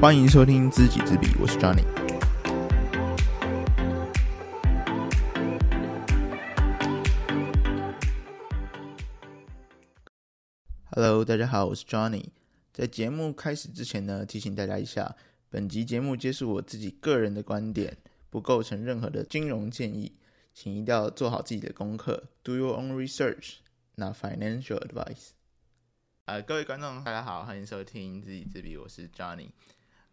歡迎收聽資己資彼，我是 Johnny。Hello，大家好，我是 Johnny。在節目開始之前呢，提醒大家一下，本集節目皆是我自己個人的觀點，不構成任何的金融建議，請一定要做好自己的功課，Do your own research，not financial advice。呃，各位觀眾，大家好，歡迎收聽資己資彼，我是 Johnny。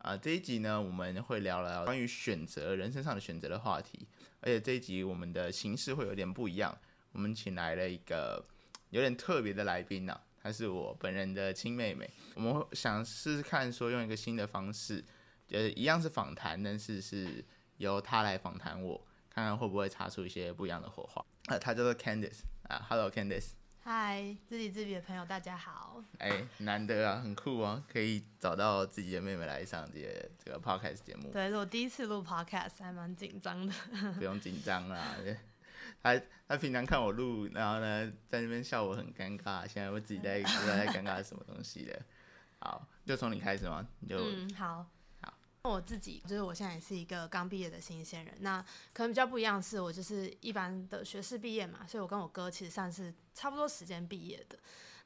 啊，這一集呢，我們會聊聊關於選擇人生上的選擇的話題。而且這一集我們的形式會有點不一樣，我們請來了一個有點特別的來賓呢、啊，她是我本人的親妹妹。我們想試試看，說用一個新的方式，就是一樣是訪談，但是是由她來訪談我，看看會不會擦出一些不一樣的火花。呃、啊，她叫做 Candice 啊，Hello Candice。嗨，Hi, 資己資彼的朋友，大家好！哎、欸，難得啊，很酷啊，可以找到自己的妹妹來上這這個 podcast 節目。對，是我第一次錄 podcast，還蠻緊張的。不用緊張啦， 他他平常看我錄，然後呢，在那邊笑我很尷尬。現在我自己在不知道在尷尬什麼東西的。好，就從你開始嗎？你就嗯，好。我自己就是我現在也是一個剛畢業的新鮮人，那可能比較不一樣是我就是一般的學士畢業嘛，所以我跟我哥其實算是差不多時間畢業的。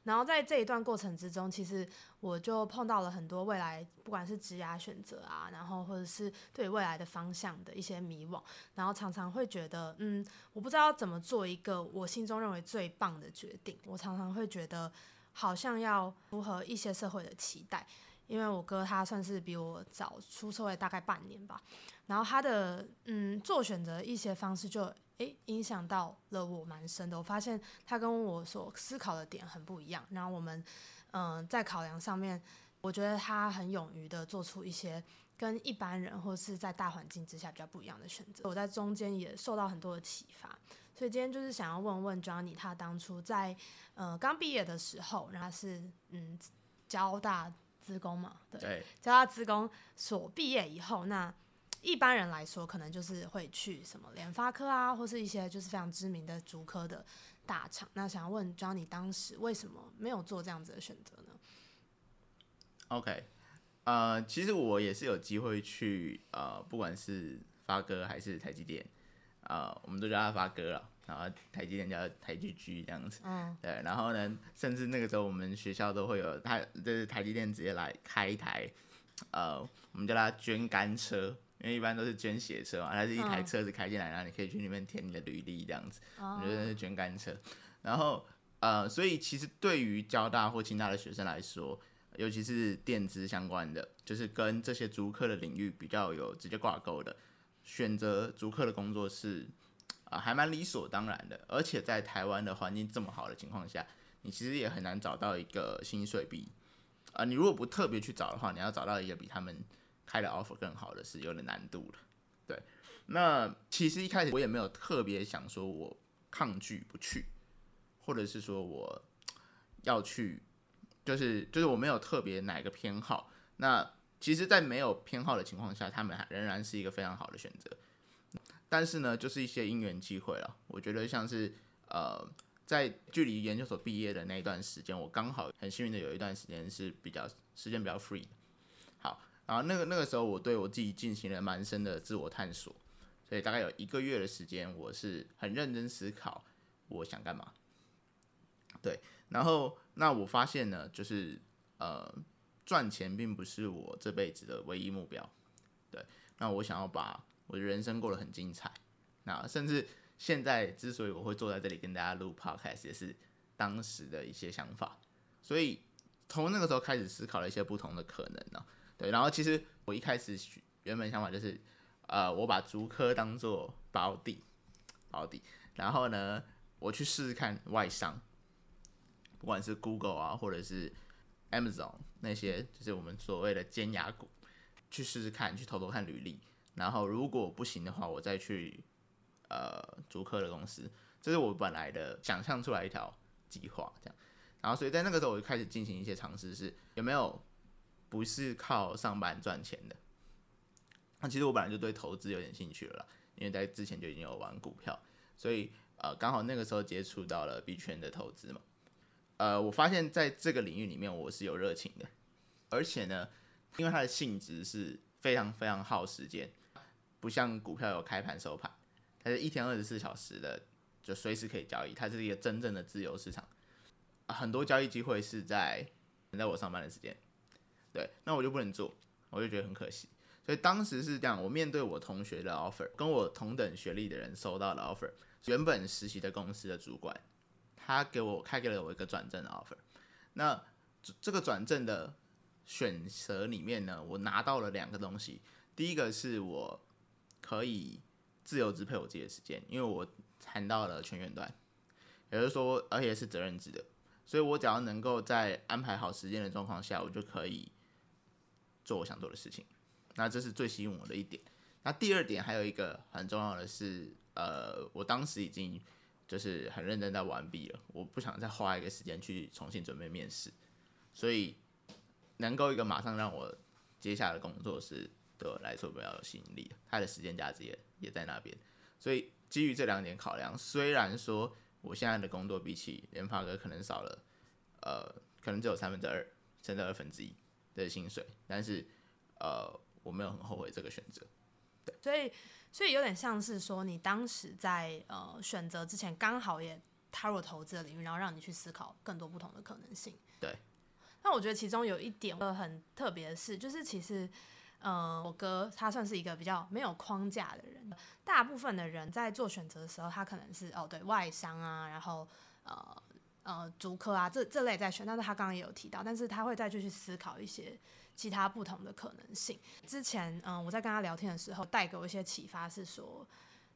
然後在這一段過程之中，其實我就碰到了很多未來不管是職業選擇啊，然後或者是對未來的方向的一些迷惘，然後常常會覺得，嗯，我不知道要怎麼做一個我心中認為最棒的決定。我常常會覺得好像要符合一些社會的期待。因為我哥他算是比我早出社會大概半年吧，然後他的嗯做選擇一些方式就誒影響到了我蠻深的。我發現他跟我所思考的點很不一樣，然後我們嗯、呃、在考量上面，我覺得他很勇於的做出一些跟一般人或是在大環境之下比較不一樣的選擇。我在中間也受到很多的啟發，所以今天就是想要問問 Johnny，他當初在呃剛畢業的時候，然後是嗯交大。資工嘛，對，交大資工所畢業以後，那一般人來說，可能就是會去什麼聯發科啊，或是一些就是非常知名的竹科的大廠。那想要問 Johnny 當時為什麼沒有做這樣子的選擇呢？OK，呃，其實我也是有機會去，呃，不管是發哥還是台積電，呃，我們都叫他發哥了。然後台積電叫台 GG 這樣子，嗯、對，然後呢，甚至那個時候我們學校都會有，他就是台積電直接來開一台，呃，我們叫它捐肝車，因為一般都是捐血車嘛，它是一台車子開進來，嗯、然後你可以去裡面填你的履歷這樣子，嗯、我們就是捐肝車。然後呃，所以其實對於交大或清大的學生來說，尤其是電資相關的，就是跟這些竹科的領域比較有直接掛鈎的，選擇竹科的工作是啊，還蠻理所當然的，而且在台灣的環境這麼好的情況下，你其實也很難找到一個薪水比，啊、呃，你如果不特別去找的話，你要找到一個比他們開的 offer 更好的是有點難度了。對，那其實一開始我也沒有特別想說我抗拒不去，或者是說我要去，就是就是我沒有特別哪個偏好。那其實，在沒有偏好的情況下，他們還仍然是一個非常好的選擇。但是呢，就是一些因緣際會了。我覺得像是，呃，在距離研究所畢業的那一段時間，我剛好很幸運的有一段時間是比較時間比較 free 的。好，然後那個那個時候，我對我自己進行了蠻深的自我探索，所以大概有一個月的時間，我是很認真思考我想幹嘛。對，然後那我發現呢，就是呃，賺錢並不是我這輩子的唯一目標。對，那我想要把。我的人生過得很精彩，那甚至現在之所以我會坐在這裡跟大家錄 podcast，也是當時的一些想法。所以從那個時候開始思考了一些不同的可能呢、喔。對，然後其實我一開始原本想法就是，呃，我把竹科當做保底，保底，然後呢，我去試試看外商，不管是 Google 啊，或者是 Amazon 那些，就是我們所謂的尖牙股，去試試看，去偷偷看履歷。然後如果不行的話，我再去呃竹科的公司，這是我本來的想象出來一條計劃這樣。然後所以在那個時候我就開始進行一些嘗試是，是有沒有不是靠上班賺錢的？那、啊、其實我本來就對投資有點興趣了，因為在之前就已經有玩股票，所以呃剛好那個時候接觸到了幣圈的投資嘛。呃，我發現在這個領域裡面我是有熱情的，而且呢，因為它的性質是。非常非常耗時間，不像股票有開盤收盤，它是一天二十四小時的，就隨時可以交易，它是一個真正的自由市場。啊，很多交易機會是在等在我上班的時間，對，那我就不能做，我就覺得很可惜。所以當時是這樣，我面對我同學的 offer，跟我同等學歷的人收到了 offer，原本實習的公司的主管，他給我開給了我一個轉正的 offer，那這個轉正的。選擇裡面呢，我拿到了兩個東西。第一個是我可以自由支配我自己的時間，因為我談到了全遠端，也就是說，而且是責任制的，所以我只要能夠在安排好時間的狀況下，我就可以做我想做的事情。那這是最吸引我的一點。那第二點還有一個很重要的是，呃，我當時已經就是很認真在玩幣了，我不想再花一個時間去重新準備面試，所以。能夠一個馬上讓我接下來的工作是對我來說比較有吸引力的，它的時間價值也也在那邊。所以基於這兩點考量，雖然說我現在的工作比起聯發科可能少了，呃，可能只有三分之二甚至二分之一的薪水，但是呃，我沒有很後悔這個選擇。對，所以所以有點像是說，你當時在呃選擇之前剛好也踏入投資的領域，然後讓你去思考更多不同的可能性。對。那我覺得其中有一點呃，很特別的是，就是其實，呃我哥他算是一個比較沒有框架的人。大部分的人在做選擇的時候，他可能是哦對外商啊，然後呃呃竹科啊這這類的在選，但是他剛剛也有提到，但是他會再繼續思考一些其他不同的可能性。之前嗯、呃、我在跟他聊天的時候，帶給我一些啟發是說，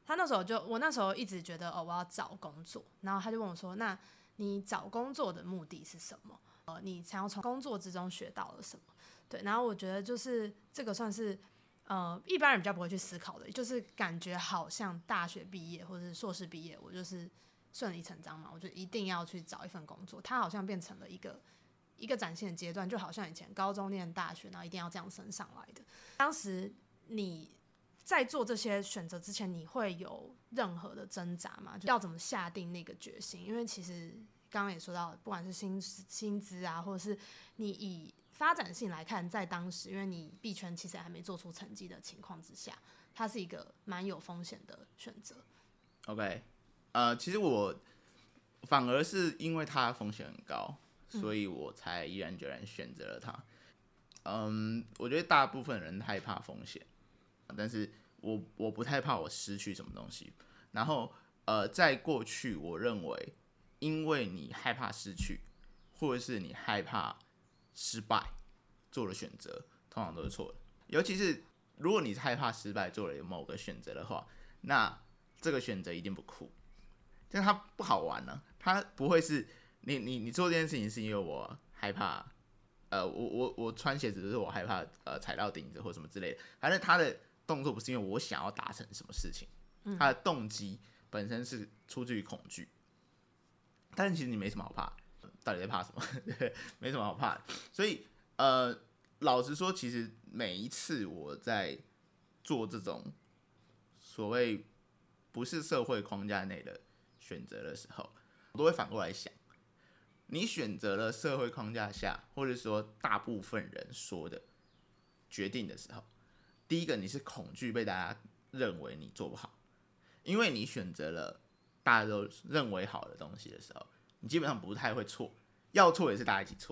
他那時候就我那時候一直覺得哦我要找工作，然後他就問我說，那你找工作的目的是什麼？呃，你想要從工作之中學到了什麼？對，然後我覺得就是這個算是，呃，一般人比較不會去思考的。就是感覺好像大學畢業或是碩士畢業，我就是順理成章嘛，我就一定要去找一份工作，它好像變成了一個一個展現階段，就好像以前高中念大學，然後一定要這樣升上來的。當時你在做這些選擇之前，你會有任何的掙扎嗎？要怎麼下定那個決心？因為其實。剛剛也說到，不管是薪薪資啊，或者是你以發展性來看，在當時因為你幣圈其實還沒做出成績的情況之下，它是一個蠻有風險的選擇。OK，呃，其實我反而是因為它風險很高，所以我才毅然決然選擇了它。嗯，嗯，我覺得大部分人害怕風險，但是我我不太怕我失去什麼東西。然後呃，在過去我認為。因為你害怕失去，或者是你害怕失敗，做了選擇通常都是錯的。尤其是如果你害怕失敗做了某個選擇的話，那這個選擇一定不酷，就是它不好玩呢啊。它不會是你你你做這件事情是因為我害怕，呃，我我我穿鞋子是我害怕呃踩到釘子或什麼之類的。反正他的動作不是因為我想要達成什麼事情，他的動機本身是出自於恐懼。但其實你沒什麼好怕，到底在怕什麼？ 沒什麼好怕的，所以呃，老實說，其實每一次我在做這種所謂不是社會框架內的選擇的時候，我都會反過來想：你選擇了社會框架下，或者說大部分人說的決定的時候，第一個你是恐懼被大家認為你做不好，因為你選擇了。大家都認為好的東西的時候，你基本上不太會錯，要錯也是大家一起錯，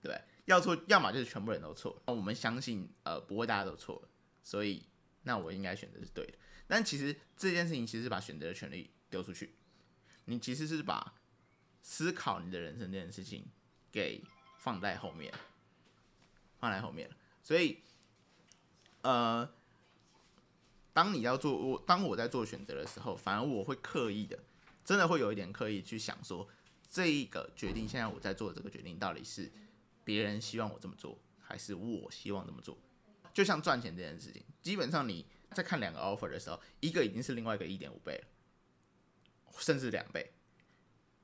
對不對？要錯，要麼就是全部人都錯了。我們相信，呃，不會大家都錯了，所以那我應該選擇是對的。但其實這件事情，其實是把選擇的權利丟出去，你其實是把思考你的人生這件事情給放在後面，放在後面，所以，呃。當你要做我，當我在做選擇的時候，反而我會刻意的，真的會有一點刻意去想說，這個決定，現在我在做這個決定，到底是別人希望我這麼做，還是我希望這麼做？就像賺錢這件事情，基本上你在看兩個 offer 的時候，一個已經是另外一個一點五倍了，甚至兩倍，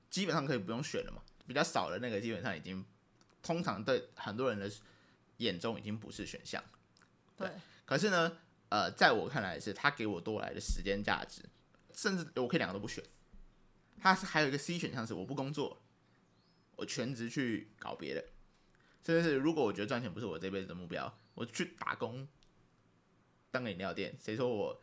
基本上可以不用選了嘛？比較少的那個基本上已經，通常對很多人的眼中已經不是選項。對，對，可是呢？呃，在我看來是他給我多來的時間價值，甚至我可以兩個都不選。他是還有一個 C 選項是我不工作，我全職去搞別的。所以是如果我覺得賺錢不是我這輩子的目標，我去打工當個飲料店。誰說我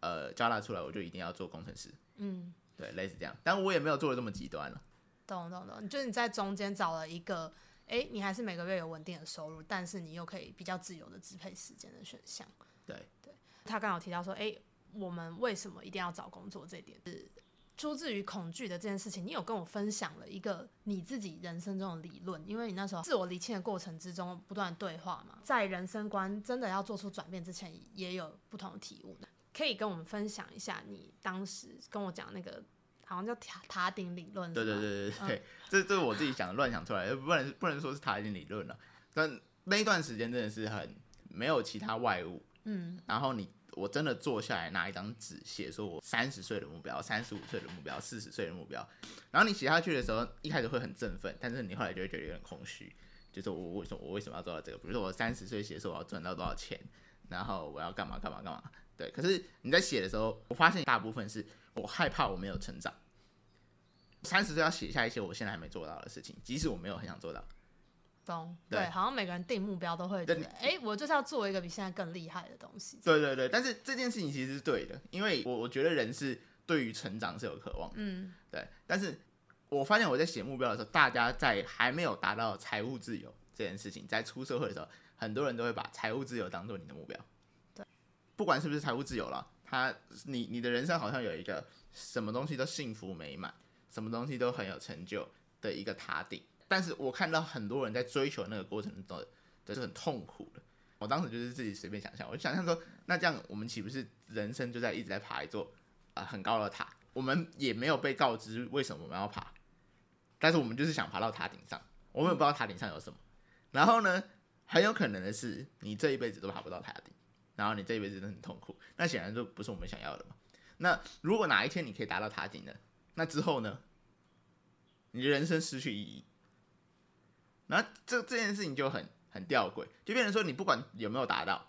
呃交大出來我就一定要做工程師？嗯，對，類似這樣。但我也沒有做的這麼極端了，啊。懂懂懂，就是你在中間找了一個，哎，你還是每個月有穩定的收入，但是你又可以比較自由的支配時間的選項。對。他剛好提到說：“哎、欸，我們為什麼一定要找工作這一？這、就、點是出自於恐懼的這件事情。”你有跟我分享了一個你自己人生中的理論，因為你那時候自我釐清的過程之中，不斷對話嘛，在人生觀真的要做出轉變之前，也有不同的體悟。可以跟我們分享一下你當時跟我講那個好像叫塔塔頂理論？對對對對對，嗯、對這這是、個、我自己想的，亂想出來，不能不能說是塔頂理論了，但那一段時間真的是很沒有其他外物。嗯嗯，然後你我真的坐下來拿一張紙寫，說我三十歲的目標、三十五歲的目標、四十歲的目標。然後你寫下去的時候，一開始會很振奮，但是你後來就會覺得有點空虛，就是我，我為什麼我為什麼要做到這個？比如說我三十歲寫的時候我要賺到多少錢，然後我要幹嘛幹嘛幹嘛？對，可是你在寫的時候，我發現大部分是我害怕我沒有成長。三十歲要寫下一些我現在還沒做到的事情，即使我沒有很想做到。懂對，對好像每個人定目標都會覺得，哎你、欸，我就是要做一個比現在更厲害的東西。對對對，但是這件事情其實是對的，因為我我覺得人是對於成長是有渴望的，嗯，對。但是我發現我在寫目標的時候，大家在還沒有達到財務自由這件事情，在出社會的時候，很多人都會把財務自由當做你的目標。對，不管是不是財務自由了，他你你的人生好像有一個什麼東西都幸福美滿，什麼東西都很有成就的一個塔頂。但是我看到很多人在追求那個過程中的，就是很痛苦的。我當時就是自己隨便想象，我就想象說，那這樣我們豈不是人生就在一直在爬一座啊，呃，很高的塔？我們也沒有被告知為什麼我們要爬，但是我們就是想爬到塔頂上。我們也不知道塔頂上有什麼。然後呢，很有可能的是，你這一輩子都爬不到塔頂，然後你這一輩子都很痛苦。那顯然就不是我們想要的嘛。那如果哪一天你可以達到塔頂呢？那之後呢？你的人生失去意義。然後這這件事情就很很弔詭，就變成說你不管有沒有達到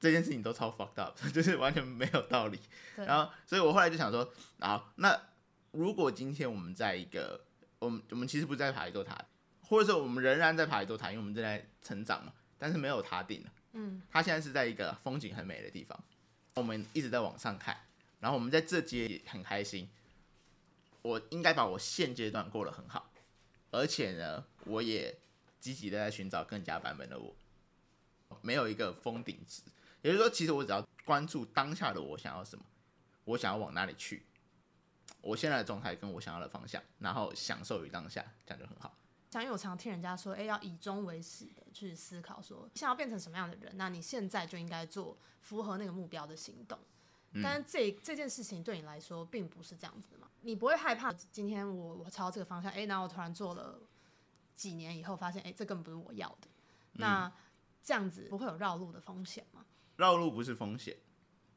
這件事情都超 fucked up，就是完全沒有道理。對然後所以我後來就想說，好，那如果今天我們在一個，我們我們其實不在爬一座塔，或者說我們仍然在爬一座塔，因為我們正在成長嘛，但是沒有塔頂了。嗯，他現在是在一個風景很美的地方，我們一直在往上看，然後我們在這階也很開心。我應該把我現階段過得很好，而且呢，我也。積極的在尋找更佳版本的我，沒有一個封頂值，也就是說，其實我只要關注當下的我想要什麼，我想要往哪裡去，我現在的狀態跟我想要的方向，然後享受於當下，這樣就很好。像，因為我常聽人家說，哎、欸，要以終為始的去思考說，說想要變成什麼樣的人，那你現在就應該做符合那個目標的行動。但是這這件事情對你來說並不是這樣子的嘛？你不會害怕今天我我朝這個方向，哎、欸，然後我突然做了。幾年以後發現，哎、欸，這根本不是我要的。嗯、那這樣子不會有繞路的風險嗎？繞路不是風險，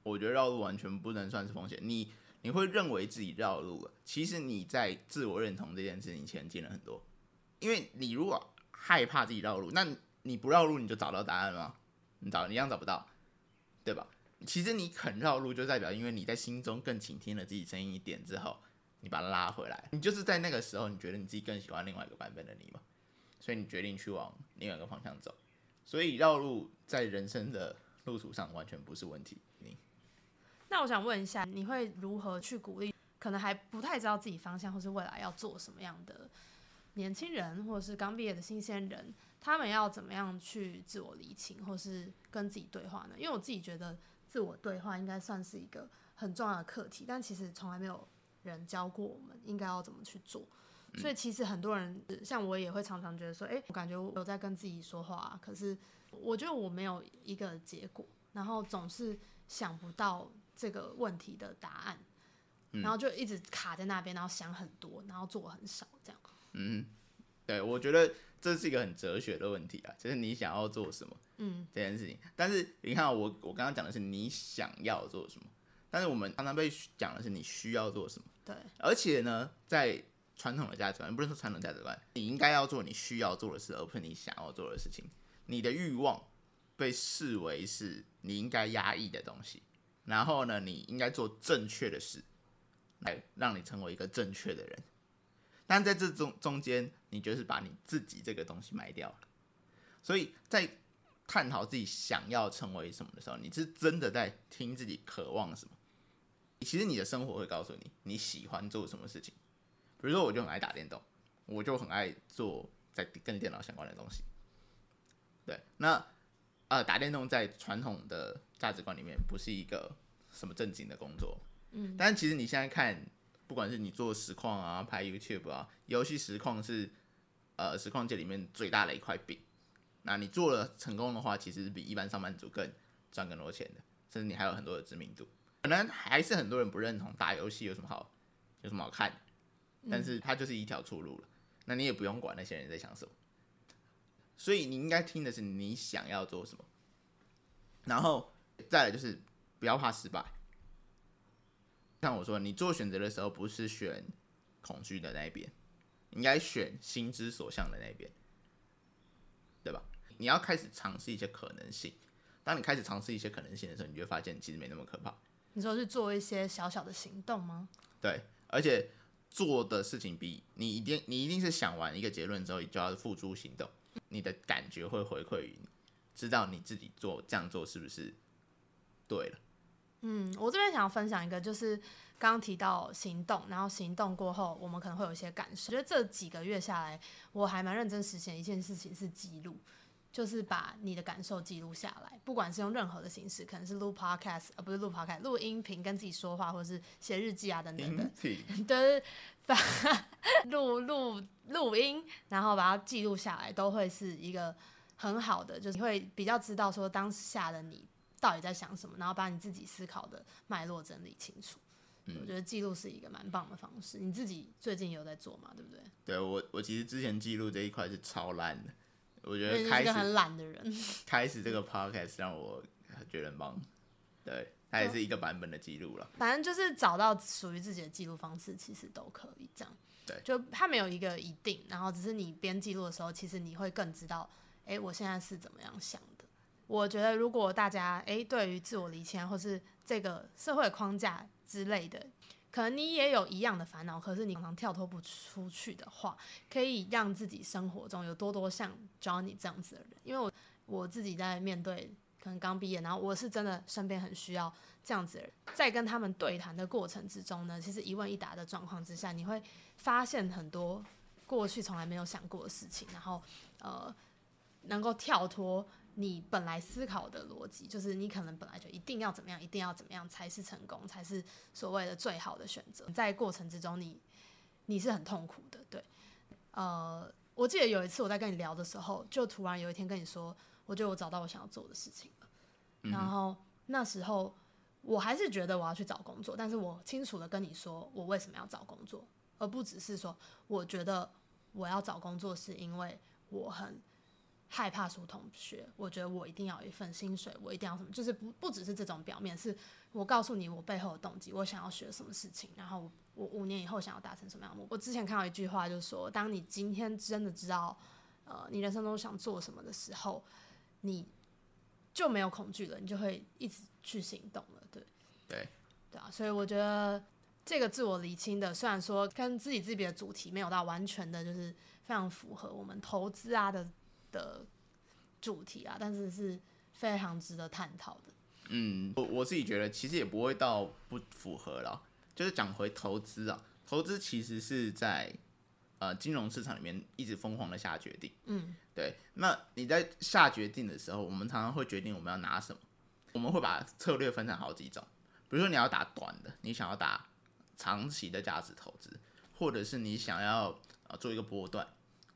我覺得繞路完全不能算是風險。你你會認為自己繞路了，其實你在自我認同這件事情前進了很多。因為你如果害怕自己繞路，那你不繞路你就找到答案了嗎？你找你一樣找不到，對吧？其實你肯繞路，就代表因為你在心中更傾聽了自己聲音一點之後。你把它拉回來，你就是在那個時候，你覺得你自己更喜歡另外一個版本的你嘛？所以你決定去往另外一個方向走，所以繞路在人生的路途上完全不是問題。你，那我想問一下，你會如何去鼓勵可能還不太知道自己方向或是未來要做什麼樣的年輕人，或者是剛畢業的新鮮人，他們要怎麼樣去自我釐清，或是跟自己對話呢？因為我自己覺得自我對話應該算是一個很重要的課題，但其實從來沒有。人教過我們應該要怎麼去做，嗯、所以其實很多人像我也會常常覺得說，哎、欸，我感覺我有在跟自己說話、啊，可是我覺得我沒有一個結果，然後總是想不到這個問題的答案，然後就一直卡在那邊，然後想很多，然後做很少這樣。嗯，對，我覺得這是一個很哲學的問題啊，就是你想要做什麼，嗯，這件事情。但是你看我，我剛剛講的是你想要做什麼。但是我們常常被講的是你需要做什麼，對，而且呢，在傳統的價值觀，不是說傳統價值觀，你應該要做你需要做的事，而不是你想要做的事情。你的慾望被視為是你應該壓抑的東西，然後呢，你應該做正確的事，來讓你成為一個正確的人。但在這中中間，你就是把你自己這個東西埋掉了。所以在探討自己想要成為什麼的時候，你是真的在聽自己渴望什麼。其實你的生活會告訴你，你喜歡做什麼事情，比如說我就很愛打電動，我就很愛做在跟電腦相關的東西。對，那呃打電動在傳統的價值觀裡面不是一個什麼正經的工作，嗯，但是其實你現在看，不管是你做實況啊、拍 YouTube 啊、遊戲實況是呃實況界裡面最大的一塊餅。那你做了成功的話，其實是比一般上班族更賺更多錢的，甚至你還有很多的知名度。可能還是很多人不認同打遊戲有什麼好，有什麼好看，但是它就是一條出路了。那你也不用管那些人在想什麼，所以你應該聽的是你想要做什麼。然後再來就是不要怕失敗。像我說，你做選擇的時候不是選恐懼的那邊，應該選心之所向的那邊，對吧？你要開始嘗試一些可能性。當你開始嘗試一些可能性的時候，你就會發現其實沒那麼可怕。你說是做一些小小的行動嗎？對，而且做的事情比你一定，你一定是想完一個結論之後，你就要付諸行動。你的感覺會回饋於你，知道你自己做這樣做是不是對了。嗯，我這邊想要分享一個，就是剛剛提到行動，然後行動過後，我們可能會有一些感受。我覺得這幾個月下來，我還蠻認真實現一件事情是記錄。就是把你的感受記錄下來，不管是用任何的形式，可能是錄 podcast，啊，不是錄 podcast，錄音頻跟自己說話，或者是寫日記啊、等等等，都是把錄錄錄音，然後把它記錄下來，都會是一個很好的，就是你會比較知道說當下的你到底在想什麼，然後把你自己思考的脈絡整理清楚。嗯，我覺得記錄是一個蠻棒的方式，你自己最近有在做嘛？對不對？對我，我其實之前記錄這一塊是超爛的。我覺得他是一個很懶的人，開始這個 podcast 讓我覺得忙。對，它也是一個版本的記錄了。反正就是找到屬於自己的記錄方式，其實都可以這樣。對，就它沒有一個一定，然後只是你邊記錄的時候，其實你會更知道，哎，我現在是怎麼樣想的。我覺得如果大家哎、欸，對於自我釐清或是這個社會框架之類的。可能你也有一樣的煩惱，可是你常常跳脫不出去的話，可以讓自己生活中有多多像 Johnny 這樣子的人。因為我我自己在面對可能剛畢業，然後我是真的身邊很需要這樣子的人。在跟他們對談的過程之中呢，其實一問一答的狀況之下，你會發現很多過去從來沒有想過的事情，然後呃能夠跳脫。你本來思考的邏輯就是你可能本來就一定要怎麼樣，一定要怎麼樣才是成功，才是所謂的最好的選擇。在過程之中你，你你是很痛苦的，對。呃，我記得有一次我在跟你聊的時候，就突然有一天跟你說，我覺得我找到我想要做的事情了。嗯、哼然後那時候我還是覺得我要去找工作，但是我清楚的跟你說我為什麼要找工作，而不只是說我覺得我要找工作是因為我很。害怕輸同學，我覺得我一定要一份薪水，我一定要什麼，就是不不只是這種表面，是我告訴你我背後的動機，我想要學什麼事情，然後我五年以後想要達成什麼樣的。我之前看到一句話，就是說，當你今天真的知道，呃，你人生中想做什麼的時候，你就沒有恐懼了，你就會一直去行動了。對，對，對啊，所以我覺得這個自我釐清的，雖然說跟自己自己的主題沒有到完全的，就是非常符合我們投資啊的。的主題啊，但是是非常值得探討的。嗯，我我自己覺得其實也不會到不符合了喔，就是講回投資啊，投資其實是在呃金融市場裡面一直瘋狂的下決定。嗯，對。那你在下決定的時候，我們常常會決定我們要拿什麼。我們會把策略分成好幾種，比如說你要打短的，你想要打長期的價值投資，或者是你想要啊做一個波段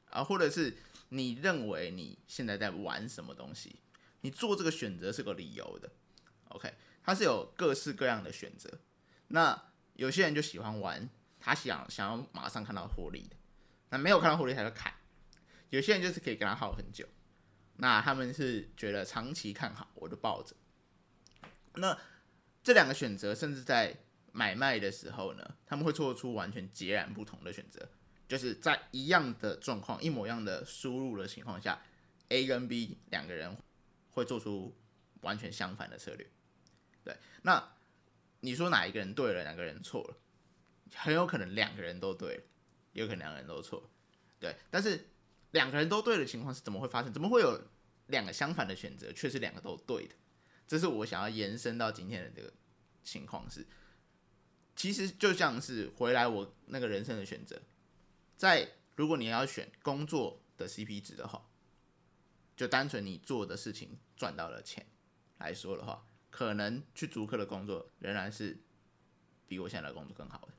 啊，或者是。你認為你現在在玩什麼東西？你做這個選擇是個理由的，OK？它是有各式各樣的選擇。那有些人就喜歡玩，他想想要馬上看到獲利的，那沒有看到獲利他就砍。有些人就是可以跟他耗很久，那他們是覺得長期看好我就抱着。那這兩個選擇，甚至在買賣的時候呢，他們會做出完全截然不同的選擇。就是在一樣的狀況、一模一樣的輸入的情況下，A 跟 B 兩個人會做出完全相反的策略。對，那你說哪一個人對了，哪個人錯了？很有可能兩個人都對了，有可能兩個人都錯。對，但是兩個人都對的情況是怎麼會發生？怎麼會有兩個相反的選擇卻是兩個都對的？這是我想要延伸到今天的這個情況是，其實就像是回來我那個人生的選擇。在如果你要選工作的 CP 值的話，就單純你做的事情賺到了錢來說的話，可能去竹科的工作仍然是比我現在的工作更好的，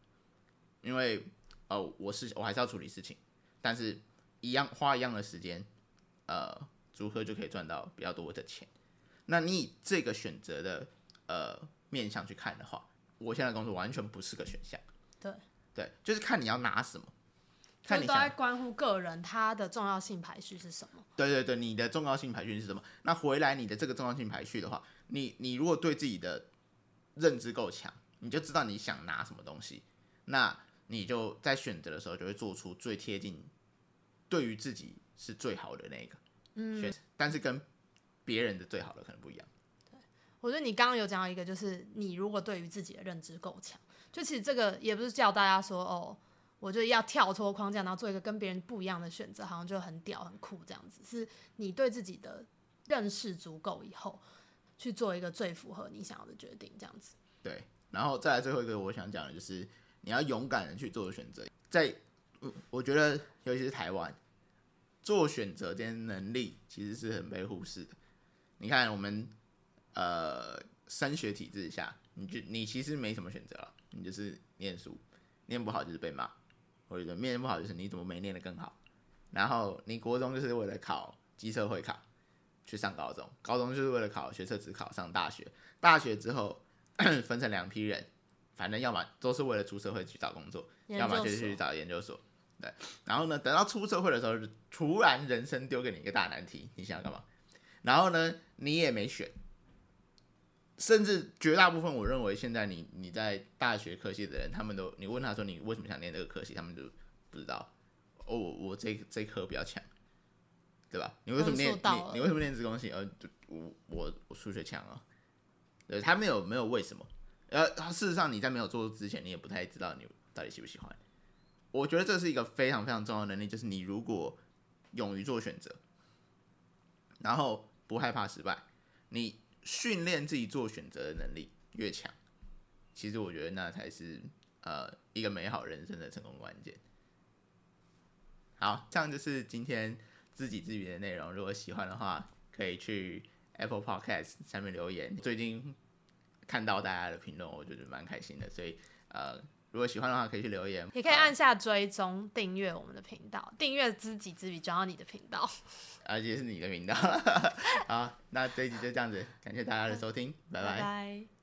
因為呃，我是我還是要處理事情，但是一樣花一樣的時間，呃，竹科就可以賺到比較多的錢。那你以這個選擇的呃面向去看的話，我現在的工作完全不是個選項。對對，就是看你要拿什麼。看你都在關乎個人，它的重要性排序是什麼？對對對，你的重要性排序是什麼？那回來你的這個重要性排序的話，你你如果對自己的認知夠強，你就知道你想拿什麼東西，那你就在選擇的時候就會做出最貼近對於自己是最好的那個、嗯、選擇，但是跟別人的最好的可能不一樣。對，我覺得你剛剛有講到一個，就是你如果對於自己的認知夠強，就其實這個也不是叫大家說哦。我就要跳脫框架，然後做一個跟別人不一樣的選擇，好像就很屌、很酷這樣子。是你對自己的認識足夠以後，去做一個最符合你想要的決定，這樣子。對，然後再來最後一個，我想講的就是你要勇敢的去做選擇。在我，我覺得，尤其是台灣，做選擇這些能力其實是很被忽視的。你看，我們呃升學體制下，你就你其實沒什麼選擇了，你就是念書，念不好就是被罵。我覺得念不好就是你怎麼沒念得更好，然後你國中就是為了考基測會考去上高中，高中就是為了考學測指考上大學，大學之後 分成兩批人，反正要麼都是為了出社會去找工作，要麼就是去找研究所。對，然後呢，等到出社會的時候，就突然人生丟給你一個大難題，你想要幹嘛？然後呢，你也沒選。甚至絕大部分，我認為現在你你在大學科系的人，他們都你問他說你為什麼想念這個科系，他們就不知道。哦，我我這這科比較強，對吧？你為什麼念你你為什麼念這東西？而、呃、我我我數學強啊。對他沒有沒有為什麼。呃，事實上你在沒有做之前，你也不太知道你到底喜不喜歡。我覺得這是一個非常非常重要的能力，就是你如果勇於做選擇，然後不害怕失敗，你。訓練自己做選擇的能力越強，其實我覺得那才是呃一個美好人生的成功關鍵。好，這樣就是今天資己資彼的內容。如果喜歡的話，可以去 Apple Podcast 下面留言。最近看到大家的評論，我覺得蠻開心的，所以呃。如果喜歡的話，可以去留言，也可以按下追蹤訂閱我們的頻道，訂閱、啊、資己資彼，找到你的頻道，而且、啊就是你的頻道。 好，那這一集就這樣子，感謝大家的收聽， 拜拜。拜拜拜拜。